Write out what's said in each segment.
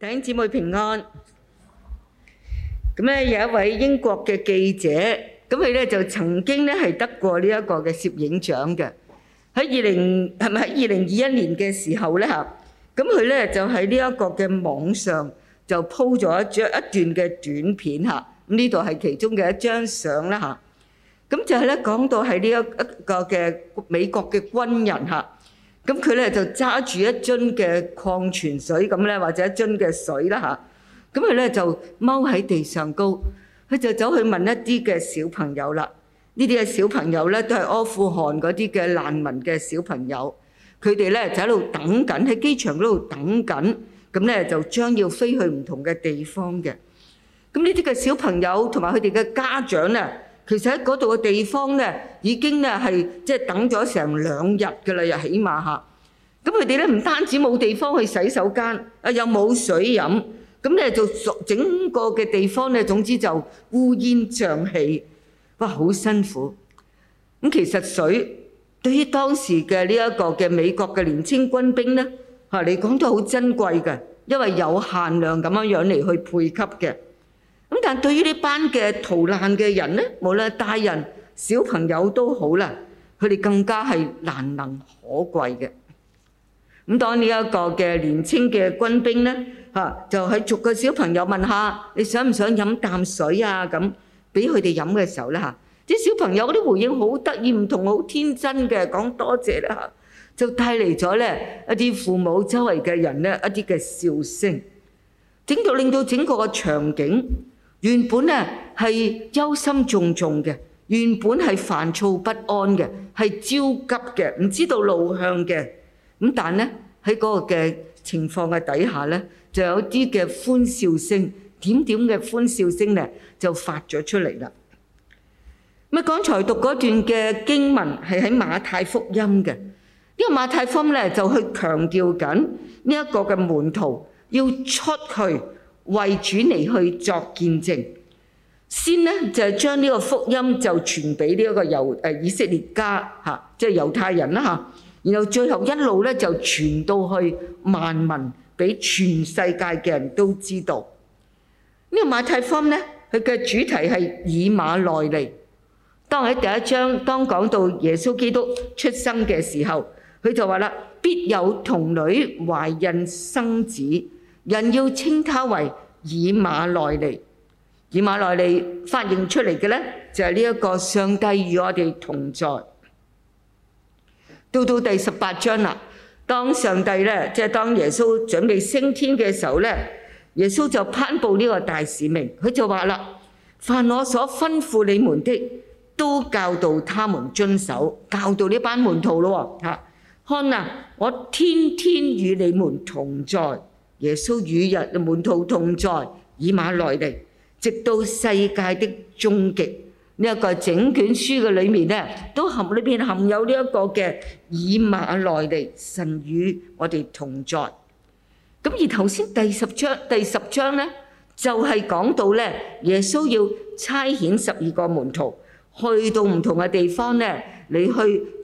弟兄姊妹平安。咁咧有一位英國嘅記者，咁佢咧就曾經咧係得過呢一個嘅攝影獎嘅。喺二零係咪喺二零二一年嘅時候咧嚇，咁佢咧就喺呢一個嘅網上就 po 咗一張一段嘅短片嚇。咁呢度係其中嘅一張相啦嚇。咁就係咧講到係呢一一個嘅美國嘅軍人嚇。咁佢咧就揸住一樽嘅礦泉水咁咧，或者一樽嘅水啦吓，咁佢咧就踎喺地上高，佢就走去問一啲嘅小朋友啦。呢啲嘅小朋友咧都係阿富汗嗰啲嘅難民嘅小朋友，佢哋咧就喺度等緊喺機場嗰度等緊，咁咧就將要飛去唔同嘅地方嘅。咁呢啲嘅小朋友同埋佢哋嘅家長咧。其實喺嗰度嘅地方呢，已經呢係即係等咗成兩日嘅啦，又起碼吓。咁佢哋咧唔單止冇地方去洗手間，啊又冇水飲。咁咧就整個嘅地方呢，總之就烏煙瘴氣，哇！好辛苦。咁其實水對於當時嘅呢一個嘅美國嘅年青軍兵呢吓嚟講都好珍貴嘅，因為有限量咁樣樣嚟去配給嘅。咁但係對於呢班嘅逃難嘅人咧，無論，大人、小朋友都好啦，佢哋更加係難能可貴嘅。咁當呢一個嘅年青嘅軍兵咧，嚇就喺、是、逐個小朋友問下你想唔想飲啖水啊？咁俾佢哋飲嘅時候咧嚇，啲小朋友嗰啲回應好得意，唔同好天真嘅講多謝啦，就帶嚟咗咧一啲父母周圍嘅人咧一啲嘅笑聲，整到令到整個嘅場景。原本咧係憂心重重嘅，原本係煩躁不安嘅，係焦急嘅，唔知道路向嘅。咁但呢，喺嗰個嘅情況嘅底下呢，就有啲嘅歡笑聲，點點嘅歡笑聲呢，就發咗出嚟啦。咪剛才讀嗰段嘅經文係喺馬太福音嘅，呢個馬太福音呢，就去強調緊呢一個嘅門徒要出去。為主嚟去作見證，先咧就將呢個福音就傳俾呢一個猶誒以色列家嚇，即係猶太人啦嚇。然後最後一路咧就傳到去萬民，俾全世界嘅人都知道。呢個馬太福音咧，佢嘅主題係以馬內利。當喺第一章，當講到耶穌基督出生嘅時候，佢就話啦：必有童女懷孕生子。人要稱他為以馬內利，以馬內利發現出嚟嘅咧就係呢一個上帝與我哋同在。到到第十八章啦，當上帝咧即係當耶穌準備升天嘅時候咧，耶穌就頒布呢個大使命，佢就話啦：凡我所吩咐你們的，都教導他們遵守，教導呢班門徒咯。嚇，看啊，我天天與你們同在。耶穌與人門徒同在，以馬內利，直到世界的終極。呢一個整卷書嘅裏面咧，都含裏邊含有呢一個嘅以馬內利，神與我哋同在。咁而頭先第十章，第十章咧就係講到咧，耶穌要差遣十二個門徒去到唔同嘅地方咧，你去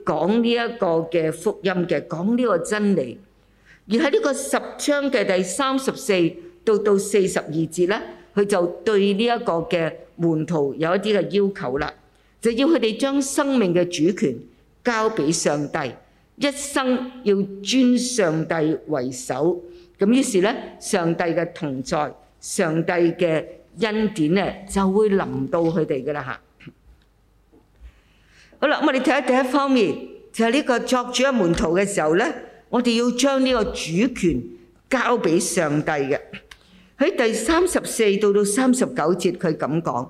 講呢一個嘅福音嘅，講呢個真理。而喺呢個十章嘅第三十四到到四十二節咧，佢就對呢一個嘅門徒有一啲嘅要求啦，就要佢哋將生命嘅主權交俾上帝，一生要尊上帝為首。咁於是咧，上帝嘅同在、上帝嘅恩典咧，就會臨到佢哋噶啦嚇。好啦，咁我哋睇下第一方面，就係呢個作主嘅門徒嘅時候咧。我哋要將呢個主權交俾上帝嘅。喺第三十四到到三十九節，佢咁講。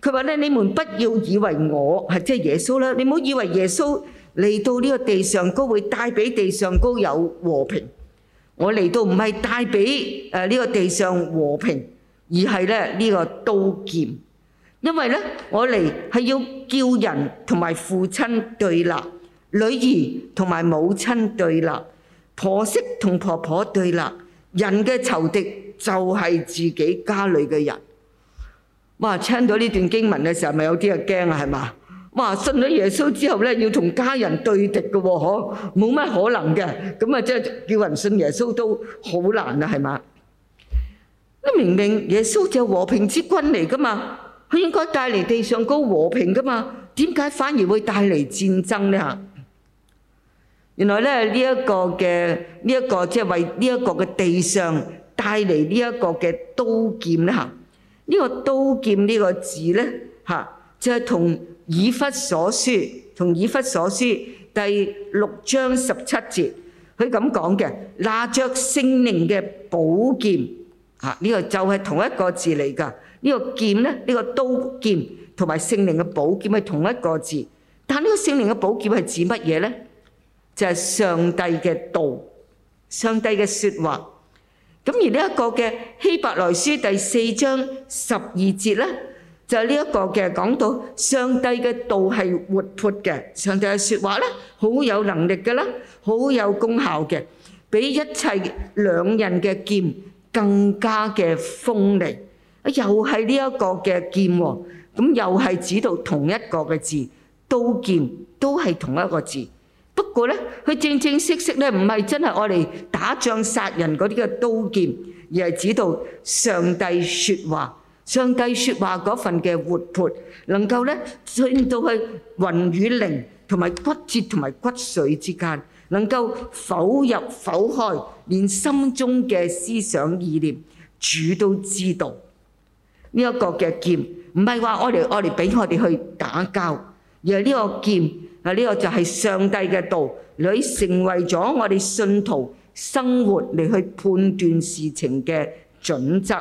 佢話咧：你們不要以為我係即係耶穌啦，你唔好以為耶穌嚟到呢個地上高會帶俾地上高有和平。我嚟到唔係帶俾誒呢個地上和平，而係咧呢個刀劍。因為咧，我嚟係要叫人同埋父親對立。女兒同埋母親對立，婆媳同婆婆對立，人嘅仇敵就係自己家裏嘅人。哇！聽到呢段經文嘅時候，咪有啲啊驚啊，係嘛？哇！信咗耶穌之後咧，要同家人對敵嘅喎，嗬？冇乜可能嘅。咁啊，即係叫人信耶穌都好難啊，係嘛？明明耶穌就係和平之君嚟噶嘛，佢應該帶嚟地上高和平噶嘛，點解反而會帶嚟戰爭咧？原來咧，呢一個嘅呢一個即係為呢一個嘅地上帶嚟呢一個嘅刀劍咧，嚇，呢個刀劍呢個字咧，嚇，就係同以弗所書，同以弗所書第六章十七節，佢咁講嘅，拿著聖靈嘅寶劍，嚇，呢個就係同一個字嚟㗎。呢個劍咧，呢個刀劍同埋聖靈嘅寶劍係同一個字，但呢個聖靈嘅寶劍係指乜嘢咧？就係上帝嘅道，上帝嘅說話。不過呢，佢正正式式呢，唔係真係愛嚟打仗殺人嗰啲嘅刀劍，而係指到上帝説話，上帝説話嗰份嘅活潑，能夠呢進到去魂與靈同埋骨節同埋骨髓之間，能夠剖入剖開，連心中嘅思想意念，主都知道。呢一個嘅劍唔係話愛嚟愛嚟俾我哋去打交，而係呢個劍。嗱，呢個就係上帝嘅道，佢成為咗我哋信徒生活嚟去判斷事情嘅準則。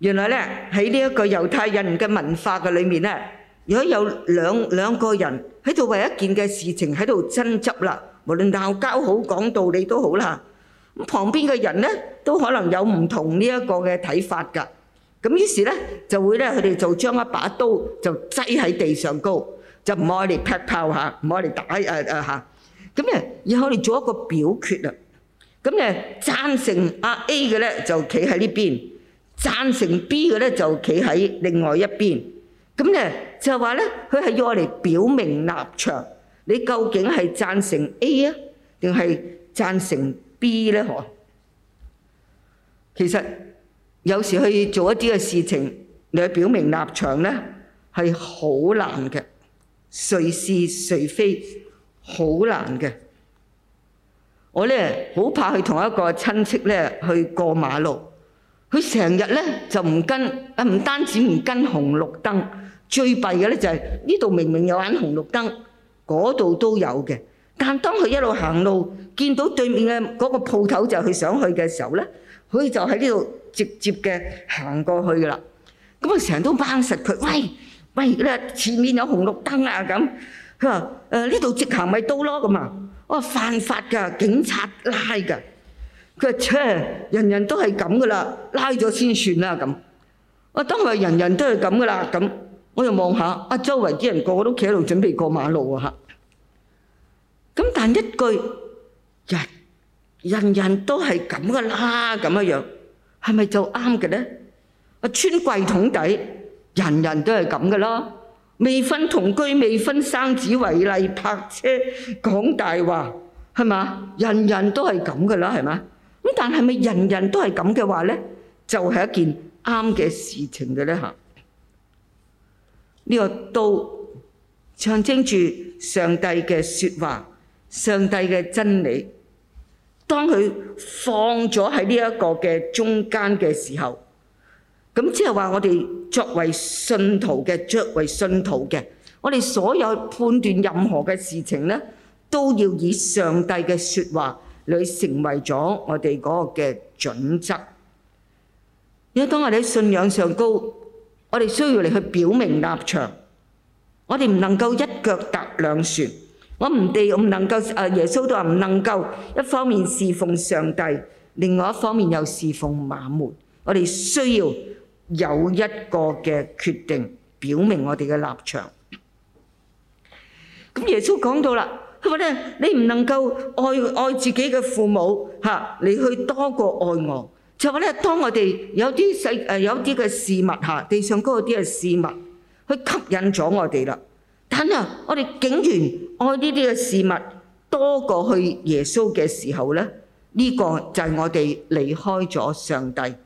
原來呢喺呢一個猶太人嘅文化嘅裏面呢，如果有兩兩個人喺度為一件嘅事情喺度爭執啦，無論鬧交好講道理都好啦，咁旁邊嘅人呢都可能有唔同呢一個嘅睇法㗎。咁於是咧就會咧，佢哋就將一把刀就擠喺地上高，就唔愛嚟劈炮嚇，唔愛嚟打誒誒嚇。咁咧，然後我哋做一個表決啦。咁咧，贊成阿 A 嘅咧就企喺呢邊，贊成 B 嘅咧就企喺另外一邊。咁咧就話咧，佢係要我嚟表明立場，你究竟係贊成 A 啊，定係贊成 B 咧？嗬，其實。有時去做一啲嘅事情，去表明立場咧，係好難嘅。誰是誰非，好難嘅。我咧好怕去同一個親戚咧去過馬路。佢成日咧就唔跟，唔單止唔跟紅綠燈。最弊嘅咧就係呢度明明有眼紅綠燈，嗰度都有嘅。但當佢一路行路，見到對面嘅嗰個鋪頭就去想去嘅時候咧，佢就喺呢度，直接嘅行過去噶啦，咁啊成日都掹實佢，喂喂啦，前面有紅綠燈啊咁，佢話誒呢度直行咪到咯咁啊，我話犯法噶，警察拉噶，佢話切，人人都係咁噶啦，拉咗先算啦咁，我當佢話人人都係咁噶啦咁，我又望下啊，周圍啲人個個都企喺度準備過馬路啊嚇，咁但一句人人人都係咁噶啦咁樣樣。係咪就啱嘅咧？阿穿櫃桶底，人人都係咁嘅啦。未婚同居、未婚生子為例，泊車講大話，係嘛？人人都係咁嘅啦，係嘛？咁但係咪人人都係咁嘅話咧？就係一件啱嘅事情嘅咧嚇。呢個刀象徵住上帝嘅説話，上帝嘅真理。當佢放咗喺呢一個嘅中間嘅時候，咁即係話我哋作為信徒嘅，作為信徒嘅，我哋所有判斷任何嘅事情咧，都要以上帝嘅説話嚟成為咗我哋嗰個嘅準則。因為當我哋喺信仰上高，我哋需要嚟去表明立場，我哋唔能夠一腳踏兩船。我唔哋唔能夠，誒、啊、耶穌都話唔能夠，一方面侍奉上帝，另外一方面又侍奉馬門。我哋需要有一個嘅決定，表明我哋嘅立場。咁耶穌講到啦，佢話咧：你唔能夠愛愛自己嘅父母嚇，你、啊、去多過愛我。就話咧，當我哋有啲細誒有啲嘅事物嚇、啊，地上高啲嘅事物，去吸引咗我哋啦。啊、我哋竟然愛呢啲嘅事物多過去耶穌嘅時候咧，呢、呢個就係我哋離開咗上帝，遠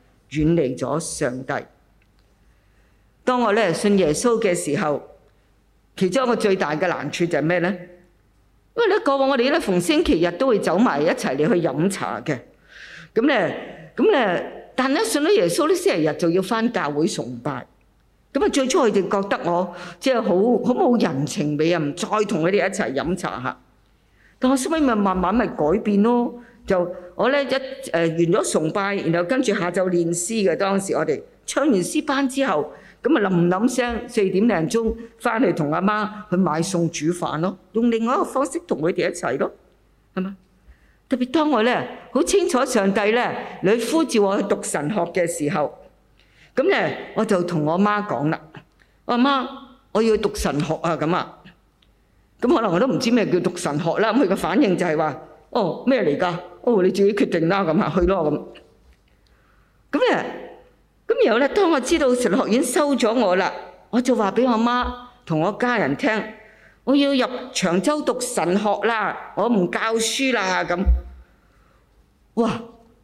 離咗上帝。當我咧信耶穌嘅時候，其中一個最大嘅難處就係咩呢？因為咧過往我哋咧逢星期日都會走埋一齊嚟去飲茶嘅，咁咧，咁咧，但係咧信咗耶穌呢，星期日就要翻教會崇拜。咁啊，最初佢哋覺得我即係好好冇人情味啊！唔再同佢哋一齊飲茶嚇。但我心諗咪慢慢咪改變咯。就我咧一誒完咗崇拜，然後跟住下晝練詩嘅當時，我哋唱完詩班之後，咁啊，冧冧聲四點零鐘翻去同阿媽去買餸煮飯咯。用另外一個方式同佢哋一齊咯，係嘛？特別當我咧好清楚上帝咧，你呼召我去讀神學嘅時候，咁咧，我就同我阿媽講啦。我阿媽，我要讀神學啊咁啊。咁可能我都唔知咩叫讀神學啦。咁佢嘅反應就係話：哦咩嚟㗎？哦你自己決定啦，啊，咁啊去咯咁。咁咧，咁然後咧，當我知道神學院收咗我啦，我就話俾我媽同我家人聽：我要入長洲讀神學啦，我唔教書啦咁。哇！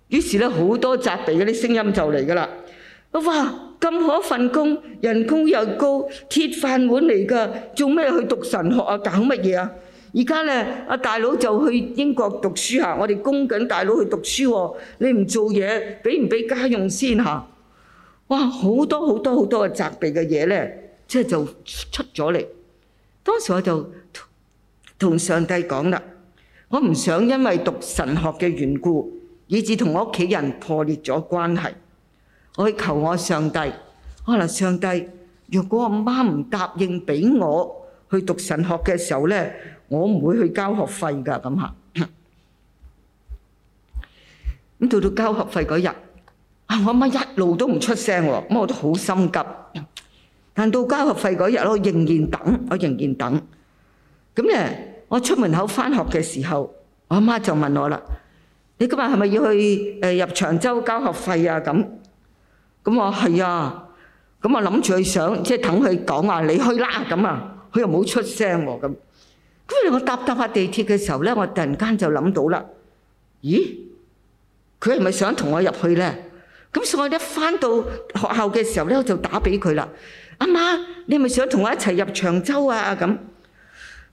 於是咧好多責備嗰啲聲音就嚟㗎啦。哇！咁好一份工，人工又高，鐵飯碗嚟㗎，做咩去讀神學啊？搞乜嘢啊？而家咧，阿大佬就去英國讀書嚇，我哋供緊大佬去讀書喎。你唔做嘢，俾唔俾家用先嚇？哇！好多好多好多嘅責備嘅嘢咧，即係就出咗嚟。當時我就同上帝講啦，我唔想因為讀神學嘅緣故，以致同我屋企人破裂咗關係。我去求我上帝，我話，上帝，若果阿媽唔答應俾我去讀神學嘅時候咧，我唔會去交學費㗎咁嚇。咁到到交學費嗰日，啊我阿媽一路都唔出聲喎，咁我都好心急。但到交學費嗰日咯，我仍然等，我仍然等。咁咧，我出門口返學嘅時候，我阿媽就問我啦：你今日係咪要去誒入長洲交學費啊？咁咁話係啊，咁啊諗住去想，即係等佢講話你去啦咁啊，佢又冇出聲喎咁。咁我搭搭下地鐵嘅時候咧，我突然間就諗到啦，咦？佢係咪想同我入去咧？咁所以我一翻到學校嘅時候咧，我就打俾佢啦。阿媽，你係咪想同我一齊入長洲啊？咁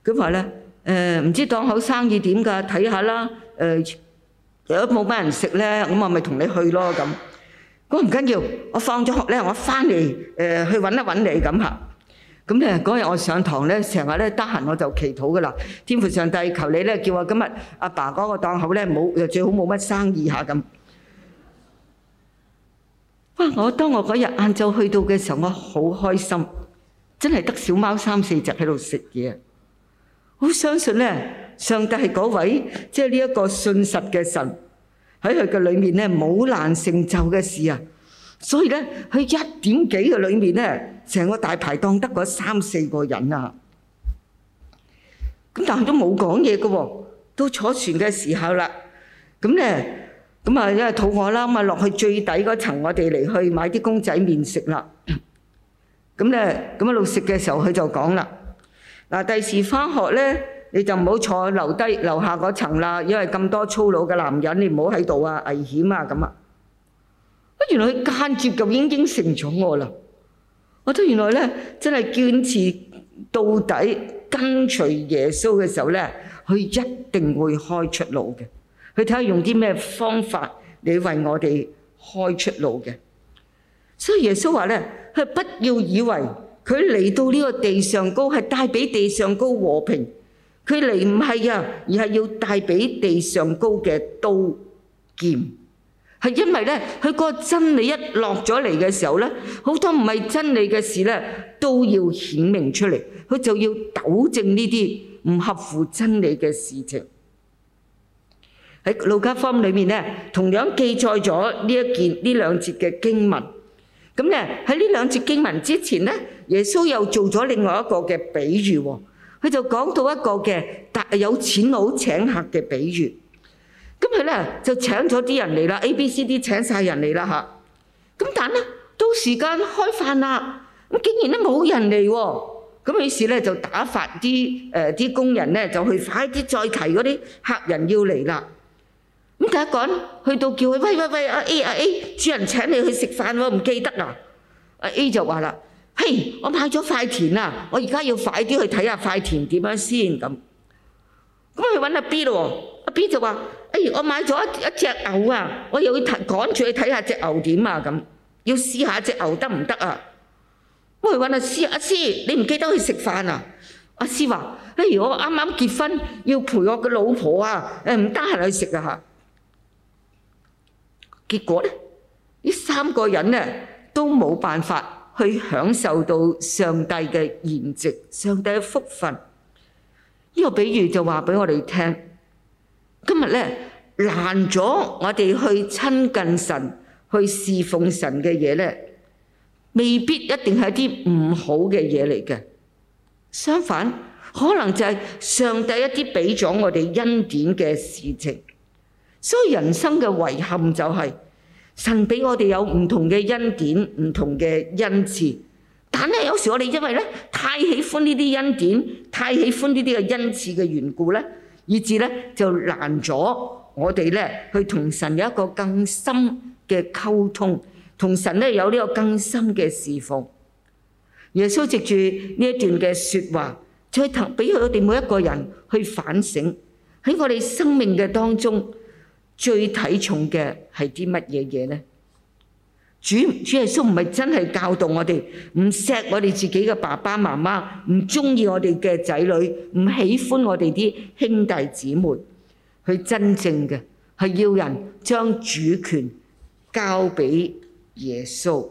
佢話咧，誒唔知檔口生意點㗎？睇下啦，誒，如果冇咩人食咧，咁我咪同你去咯咁。咁唔緊要，我放咗學咧，我翻嚟誒去揾一揾你咁嚇。咁咧，嗰日我上堂咧，成日咧得閒我就祈禱噶啦。天父上帝，求你咧叫我今日阿爸嗰個檔口咧冇，又最好冇乜生意嚇咁。哇！我當我嗰日晏晝去到嘅時候，我好開心，真係得小貓三四隻喺度食嘢。好相信咧，上帝係嗰位，即係呢一個信實嘅神。喺佢嘅裏面咧冇難成就嘅事啊，所以咧佢一點幾嘅裏面咧，成個大排檔得嗰三四個人啊。咁但係都冇講嘢嘅喎，都坐船嘅時候啦。咁咧，咁啊因為肚餓啦，咁啊落去最底嗰層我，我哋嚟去買啲公仔麪食啦。咁咧，咁 一路食嘅時候，佢就講啦：嗱，第時返學咧。你就唔好坐留低樓下嗰層啦，因為咁多粗魯嘅男人，你唔好喺度啊，危險啊咁啊。啊，原來佢間接咁已經應承咗我啦。我覺得原來咧，真係堅持到底跟隨耶穌嘅時候咧，佢一定會開出路嘅。佢睇下用啲咩方法，你為我哋開出路嘅。所以耶穌話咧，佢不要以為佢嚟到呢個地上高係帶俾地上高和平。佢嚟唔係啊，而係要帶俾地上高嘅刀劍，係因為咧，佢個真理一落咗嚟嘅時候咧，好多唔係真理嘅事咧都要顯明出嚟，佢就要糾正呢啲唔合乎真理嘅事情。喺路加福音裏面咧，同樣記載咗呢一件呢兩節嘅經文。咁咧喺呢兩節經文之前咧，耶穌又做咗另外一個嘅比喻。佢就講到一個嘅，有錢佬請客嘅比喻。咁佢咧就請咗啲人嚟啦，A、B、C、D 請晒人嚟啦吓，咁但係咧到時間開飯啦，咁竟然都冇人嚟喎。咁於是咧就打發啲誒啲工人咧就去快啲再提嗰啲客人要嚟啦。咁第一個人去到叫佢，喂喂喂，阿 A 阿 A, A，主人請你去食飯，我唔記得啦。阿 A 就話啦。嘿、hey，我買咗塊田啊！我而家要快啲去睇下塊田點樣先咁。咁我去揾阿 B 咯，阿 B 就話，哎，我買咗一隻牛啊，我又要趕住去睇下隻牛點啊咁，要試下隻牛得唔得啊？我去揾阿 C 啊。阿 C，你唔記得去食飯啊？阿 C 話，哎，我啱啱結婚，要陪我嘅老婆啊，誒，唔得閒去食啊嚇。結果呢，呢三個人咧都冇辦法。去享受到上帝嘅筵席，上帝嘅福分。呢個比喻就話俾我哋聽，今日呢，難咗我哋去親近神，去侍奉神嘅嘢呢，未必一定係一啲唔好嘅嘢嚟嘅。相反，可能就係上帝一啲俾咗我哋恩典嘅事情。所以人生嘅遺憾就係神俾我哋有唔同嘅恩典，唔同嘅恩賜，但係有時我哋因為咧太喜歡呢啲恩典，太喜歡呢啲嘅恩賜嘅緣故咧，以至咧就難咗我哋咧去同神有一個更深嘅溝通，同神咧有呢個更深嘅侍奉。耶穌藉住呢一段嘅說話，再俾佢哋每一個人去反省喺我哋生命嘅當中。最睇重嘅係啲乜嘢嘢呢？主主耶穌唔係真係教導我哋唔錫我哋自己嘅爸爸媽媽，唔中意我哋嘅仔女，唔喜歡我哋啲兄弟姊妹。佢真正嘅係要人將主權交俾耶穌。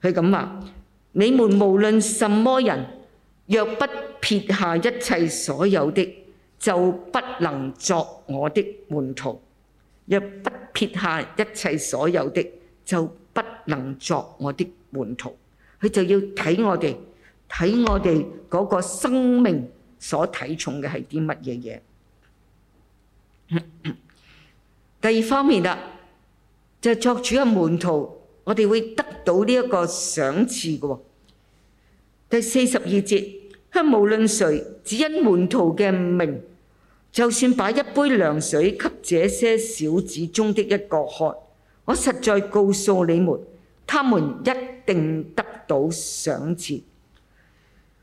佢咁話：你們無論什麼人，若不撇下一切所有的。就不能作我的門徒，若不撇下一切所有的，就不能作我的門徒。佢就要睇我哋，睇我哋嗰個生命所睇重嘅係啲乜嘢嘢。第二方面啦，就作主嘅門徒，我哋會得到呢一個賞賜嘅。第四十二節，佢無論誰，只因門徒嘅名。就算把一杯涼水給這些小子中的一個喝，我實在告訴你們，他們一定得到賞賜。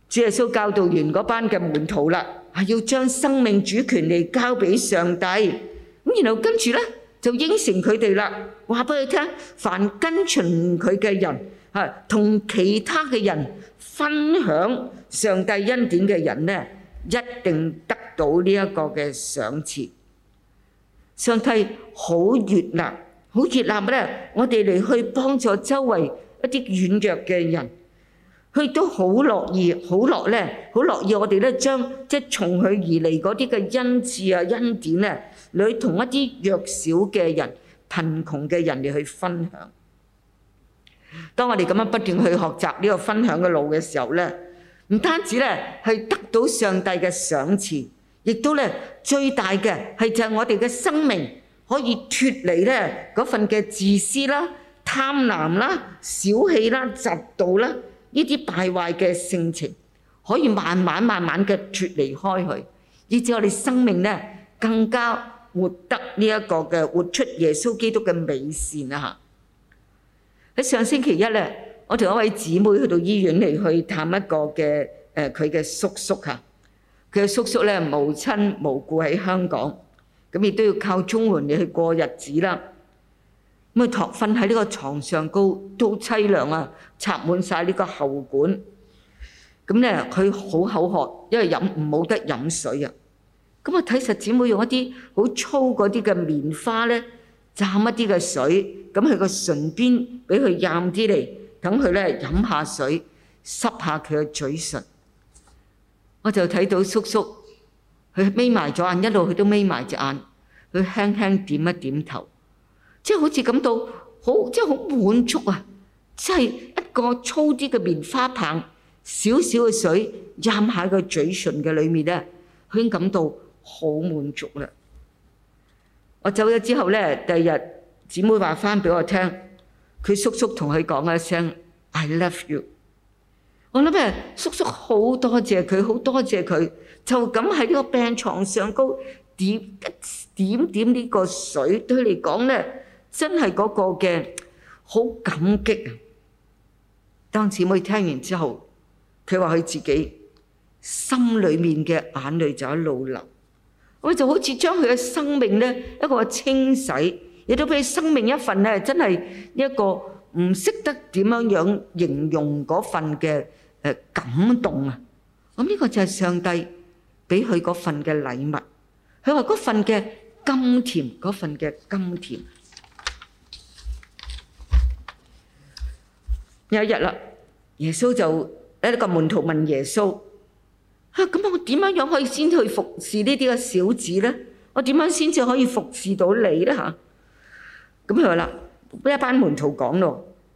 主耶穌教導完嗰班嘅門徒啦，係要將生命主權嚟交俾上帝。咁然後跟住咧就應承佢哋啦，話俾佢聽，凡跟從佢嘅人，嚇同其他嘅人分享上帝恩典嘅人咧，一定得到呢一個嘅賞賜，上帝好悅納，好悅納咧！我哋嚟去幫助周圍一啲軟弱嘅人，佢都好樂意，好樂咧，好樂意我哋咧將即係從佢而嚟嗰啲嘅恩賜啊、恩典咧，嚟同一啲弱小嘅人、貧窮嘅人嚟去分享。當我哋咁樣不斷去學習呢個分享嘅路嘅時候咧，唔單止咧係得到上帝嘅賞賜。亦都咧，最大嘅係就係我哋嘅生命可以脫離咧嗰份嘅自私啦、貪婪啦、小氣啦、嫉妒啦呢啲敗壞嘅性情，可以慢慢慢慢嘅脫離開去，以至我哋生命咧更加活得呢一個嘅活出耶穌基督嘅美善啊！吓，喺上星期一咧，我同一位姊妹去到醫院嚟去探一個嘅誒，佢、呃、嘅叔叔吓。嘅叔叔咧，無親無故喺香港，咁亦都要靠綜援嚟去過日子啦。咁佢托瞓喺呢個牀上高，都淒涼啊！插滿晒呢個喉管，咁咧佢好口渴，因為飲冇得飲水啊。咁啊，睇實姊妹用一啲好粗嗰啲嘅棉花咧，蘸一啲嘅水，咁佢個唇邊俾佢蘸啲嚟，等佢咧飲下水，濕下佢嘅嘴唇。我就睇到叔叔，佢眯埋咗眼，一路佢都眯埋隻眼，佢輕輕點一點頭，即係好似感到好，即係好滿足啊！即係一個粗啲嘅棉花棒，少少嘅水，浸喺佢嘴唇嘅裏面咧，佢已經感到好滿足啦。我走咗之後咧，第二日姊妹話翻俾我聽，佢叔叔同佢講一聲 I love you。我諗啊，叔叔好多謝佢，好多謝佢，就咁喺呢個病牀上高點一點點呢個水，對佢嚟講咧，真係嗰個嘅好感激啊！當姊妹聽完之後，佢話佢自己心裡面嘅眼淚就一路流，我就好似將佢嘅生命咧一個清洗，亦都俾生命一份咧，真係一個。唔識得點樣樣形容嗰份嘅誒感動啊！咁呢個就係上帝俾佢嗰份嘅禮物。佢話嗰份嘅甘甜，嗰份嘅甘甜。有一日啦，耶穌就有一個門徒問耶穌：嚇咁我點樣樣可以先去服侍呢啲嘅小子咧？我點樣先至可以服侍到你咧？嚇！咁佢話啦，俾一班門徒講咯。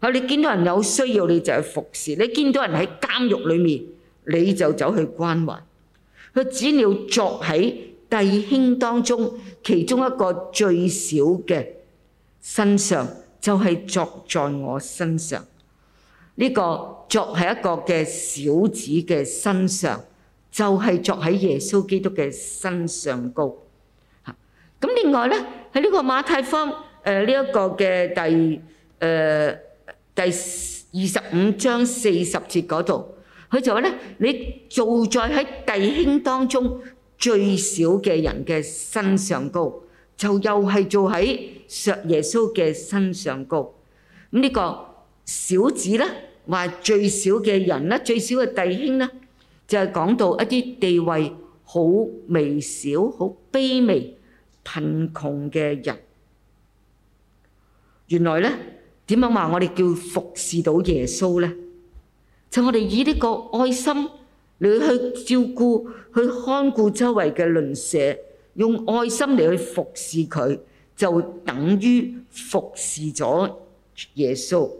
嚇！你見到人有需要你就去服侍；你見到人喺監獄裏面你就走去關懷。佢只要作喺弟兄當中其中一個最小嘅身上，就係作在我身上。呢個作喺一個嘅小子嘅身上，就係作喺耶穌基督嘅身上高。嚇！咁另外咧，喺呢個馬太方，誒呢一個嘅第誒。第二十五章四十節嗰度，佢就話咧：你做在喺弟兄當中最少嘅人嘅身上高，就又係做喺上耶穌嘅身上高。咁呢個小子咧，話最少嘅人咧，最少嘅弟兄咧，就係講到一啲地位好微小、好卑微、貧窮嘅人。原來咧。點樣話我哋叫服侍到耶穌呢？就我哋以呢個愛心嚟去照顧、去看顧周圍嘅鄰舍，用愛心嚟去服侍佢，就等於服侍咗耶穌。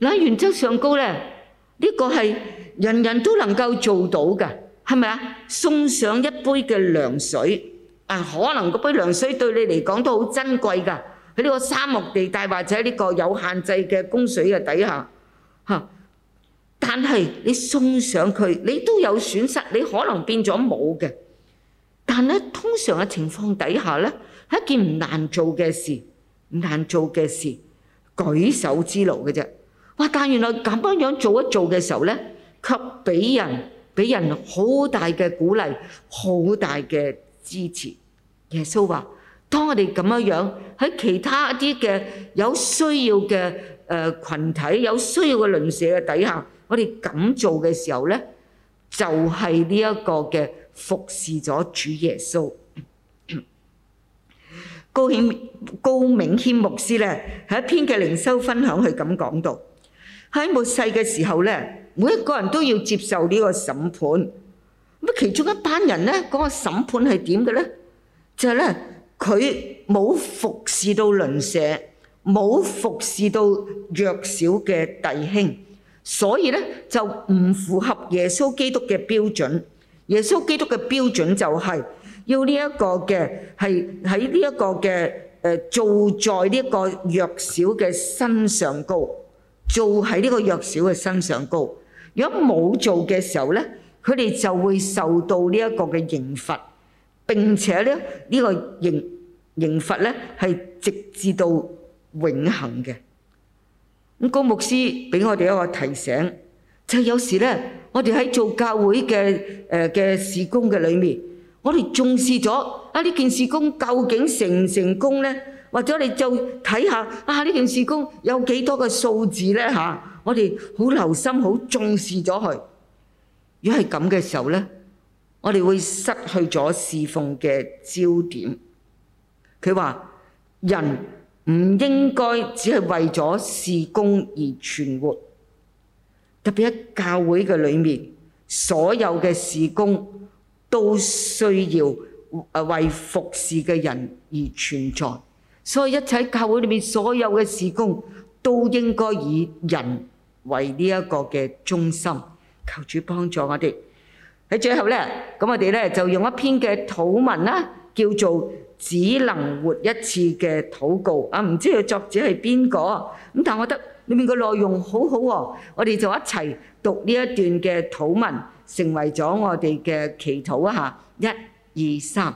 嗱，原則上高呢，呢個係人人都能夠做到嘅，係咪啊？送上一杯嘅涼水，啊，可能嗰杯涼水對你嚟講都好珍貴㗎。喺呢個沙漠地帶或者呢個有限制嘅供水嘅底下，嚇、啊！但係你送上去，你都有損失，你可能變咗冇嘅。但係通常嘅情況底下咧，係一件唔難做嘅事，唔難做嘅事舉手之勞嘅啫。哇！但原來咁樣樣做一做嘅時候咧，卻俾人俾人好大嘅鼓勵，好大嘅支持。耶穌話。當我哋咁樣樣喺其他一啲嘅有需要嘅誒羣體有需要嘅鄰舍嘅底下，我哋咁做嘅時候咧，就係呢一個嘅服侍咗主耶穌。高謙高明謙牧師咧喺一篇嘅靈修分享，佢咁講到：喺末世嘅時候咧，每一個人都要接受呢個審判。咁啊，其中一班人咧，嗰個審判係點嘅咧？就係咧。佢冇服侍到鄰舍，冇服侍到弱小嘅弟兄，所以咧就唔符合耶穌基督嘅標準。耶穌基督嘅標準就係要呢一個嘅係喺呢一個嘅誒做在呢個弱小嘅身上高，做喺呢個弱小嘅身上高。如果冇做嘅時候咧，佢哋就會受到呢一個嘅刑罰。並且咧，呢個刑刑罰咧係直至到永恆嘅。咁高牧師俾我哋一個提醒，就係有時咧，我哋喺做教會嘅誒嘅事工嘅裏面，我哋重視咗啊呢件事工究竟成唔成功咧，或者你就睇下啊呢件事工有幾多個數字咧嚇？我哋好留心，好重視咗佢。如果係咁嘅時候咧，我哋會失去咗侍奉嘅焦點。佢話：人唔應該只係為咗事工而存活，特別喺教會嘅裏面，所有嘅事工都需要啊為服侍嘅人而存在。所以一切教會裏面所有嘅事工都應該以人為呢一個嘅中心。求主幫助我哋。喺最後咧，咁我哋咧就用一篇嘅禱文啦，叫做《只能活一次嘅禱告》啊！唔知佢作者係邊個咁？但我覺得裡面個內容好好喎。我哋就一齊讀呢一段嘅禱文，成為咗我哋嘅祈禱一下。一、二、三，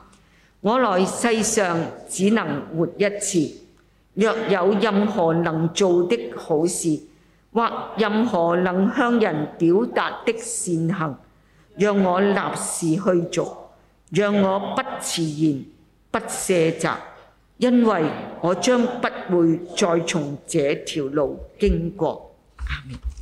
我來世上只能活一次，若有任何能做的好事或任何能向人表達的善行。讓我立時去做，讓我不遲疑、不卸責，因為我將不會再從這條路經過。阿門。